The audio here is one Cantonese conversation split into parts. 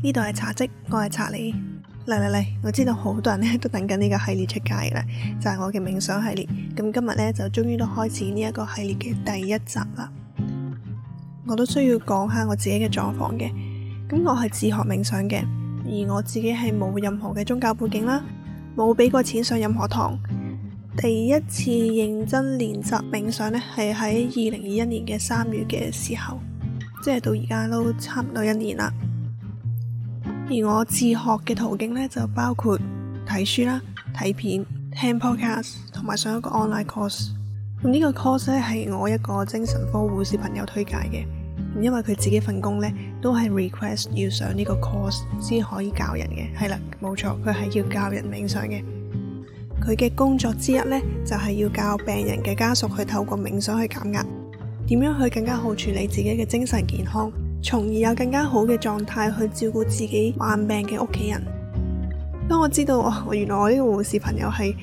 呢度係茶嘖，我係查理。嚟嚟嚟，我知道好多人咧，都等緊呢個系列出街啦，就係我嘅冥想系列。咁今日呢，就終於都開始呢一個系列嘅第一集啦。我都需要講下我自己嘅狀況嘅。咁我係自學冥想嘅，而我自己係冇任何嘅宗教背景啦，冇俾過錢上任何堂。第一次認真練習冥想呢，係喺二零二一年嘅三月嘅時候，即係到而家都差唔多一年啦。而我自學嘅途徑呢，就包括睇書啦、睇片、聽 podcast，同埋上一個 online course。呢個 course 呢，係我一個精神科護士朋友推介嘅，因為佢自己份工呢，都係 request 要上呢個 course 先可以教人嘅。係啦，冇錯，佢係要教人冥想嘅。佢嘅工作之一呢，就係要教病人嘅家屬去透過冥想去減壓，點樣去更加好處理自己嘅精神健康。從而有更加好嘅狀態去照顧自己患病嘅屋企人。當我知道哦，原來我呢個護士朋友係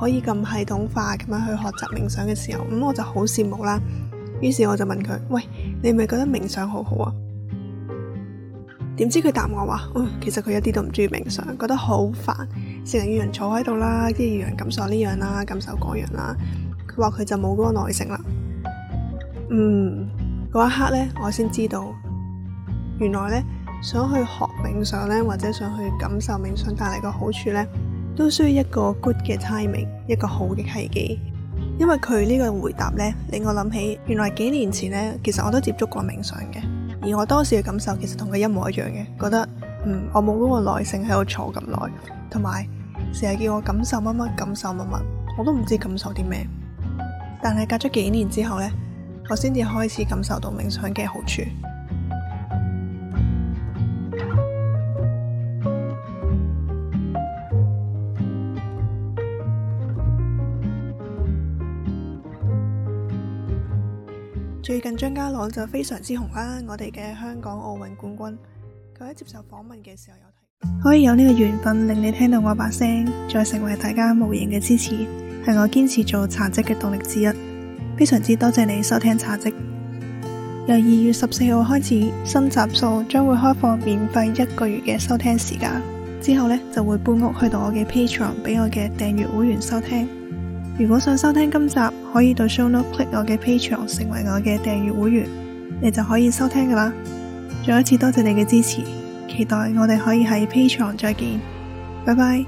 可以咁系統化咁樣去學習冥想嘅時候，咁我就好羨慕啦。於是我就問佢：喂，你係咪覺得冥想好好啊？點知佢答我話：嗯、呃，其實佢一啲都唔中意冥想，覺得好煩，成日要人坐喺度啦，一日要人感受呢樣啦，感受嗰樣啦。佢話佢就冇嗰個耐性啦。嗯。嗰一刻呢，我先知道，原來呢，想去學冥想呢，或者想去感受冥想帶嚟嘅好處呢，都需要一個 good 嘅 timing，一個好嘅契機。因為佢呢個回答呢，令我諗起，原來幾年前呢，其實我都接觸過冥想嘅，而我當時嘅感受其實同佢一模一樣嘅，覺得嗯，我冇嗰個耐性喺度坐咁耐，同埋成日叫我感受乜乜感受乜乜，我都唔知感受啲咩。但係隔咗幾年之後呢。我先至開始感受到冥想嘅好處。最近張家朗就非常之紅啦，我哋嘅香港奧運冠軍。佢喺接受訪問嘅時候有提，可以有呢個緣分令你聽到我把聲，再成為大家無形嘅支持，係我堅持做茶嘖嘅動力之一。非常之多謝你收聽《茶嘖》，由二月十四號開始，新集數將會開放免費一個月嘅收聽時間，之後呢就會搬屋去到我嘅 Patreon 俾我嘅訂閱會員收聽。如果想收聽今集，可以到 show note 上面 click 我嘅 Patreon 成為我嘅訂閱會員，你就可以收聽噶啦。再一次多謝你嘅支持，期待我哋可以喺 Patreon 再見，拜拜。